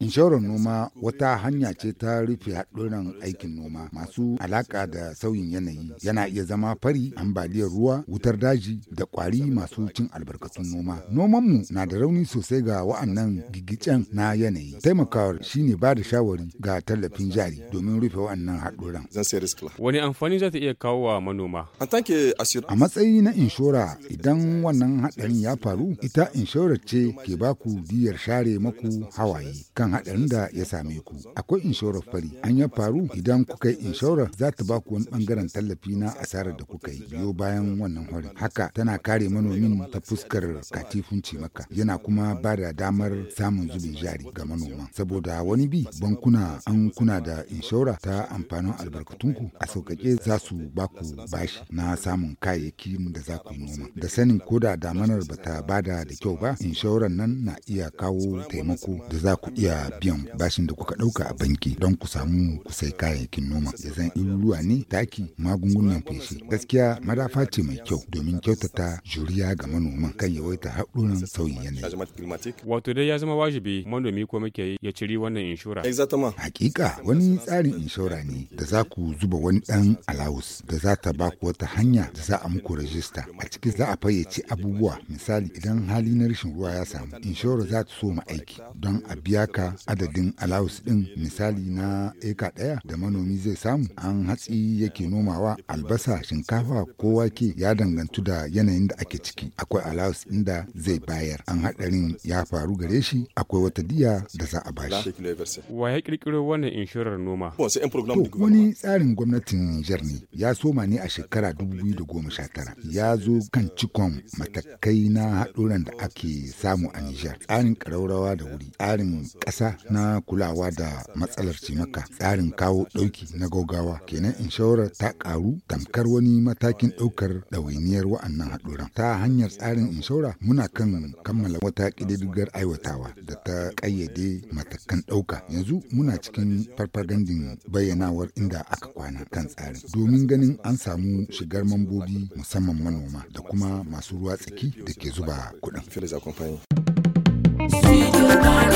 Inshorar noma wata hanya ce ta rufe haɗuran aikin noma masu alaƙa da sauyin yanayi yana iya zama fari ambaliyar ruwa wutar daji da ƙwari masu cin albarkatun noma. Nomanmu na da rauni sosai ga wa'annan gigicen na yanayi. Taimakawar shine ba da shawari ga tallafin jari domin rufe wa'annan haɗuran. Wani amfani za iya kawo wa manoma? A matsayi na inshora idan wannan haɗarin ya faru ita inshorar ce ke baku diyar share maku hawaye kan haɗarin da ya same ku. Akwai inshorar fari, an ya faru idan kuka yi inshorar za ta ba ku wani bangaren tallafi na asarar da kuka yi biyo bayan wannan horin. Haka tana kare manomin ta fuskar katifun cimaka yana kuma ba da damar samun zubin jari ga manoma. Saboda wani bi bankuna an kuna da inshora ta amfanin albarkatunku a sauƙaƙe za su ba ku bashi na samun kayayyaki da za ku yi noma. Da sanin koda damanar ba ta bada da kyau ba, inshorar nan na iya kawo ta taimako da za ku iya biyan bashin da kuka ɗauka a banki don ku samu ku sai kayayyakin noma da zan iruruwa ne taki magungunan feshi gaskiya madafa ce mai kyau domin kyautata juriya ga manoman kan yawaita haɗuran sauyin yanayi. Wato dai ya zama wajibi manomi ko muke ya ciri wannan inshora. Hakika wani tsarin inshora ne da za ku zuba wani ɗan alawus da za ta ba ku wata hanya da za a muku rajista a ciki za a fayyace abubuwa misali idan hali na rashin ruwa ya samu inshora za ta so ma aiki don a biya ka adadin alawus din misali na eka ɗaya da manomi zai samu an hatsi yake nomawa albasa shinkafa ko wake ya dangantu da yanayin da ake ciki akwai alawus ɗin da zai bayar an haɗarin ya faru gare shi akwai wata diya da za a bashi. Wa ya ƙirƙiro wannan inshorar noma? To wani tsarin gwamnatin Niger ne ya soma ne a shekara tara. ya zo kan cikon matakai na haɗoran da ake samu a Niger. Tsarin ƙaraurawa da wuri tsarin ƙasa na kulawa da matsalar cimaka tsarin kawo ɗauki na gaugawa kenan inshorar ta ƙaru tamkar wani matakin ɗaukar ɗawainiyar wa'annan haɗuran ta hanyar tsarin inshora muna kan kammala wata ƙididdigar aiwatawa da ta ƙayyade matakan ɗauka yanzu muna cikin farfagandin bayyanawar inda aka kwana kan tsarin domin ganin an samu shigar mambobi musamman manoma da kuma masu ruwa tsaki da ke zuba kuɗin. Studio Ghana.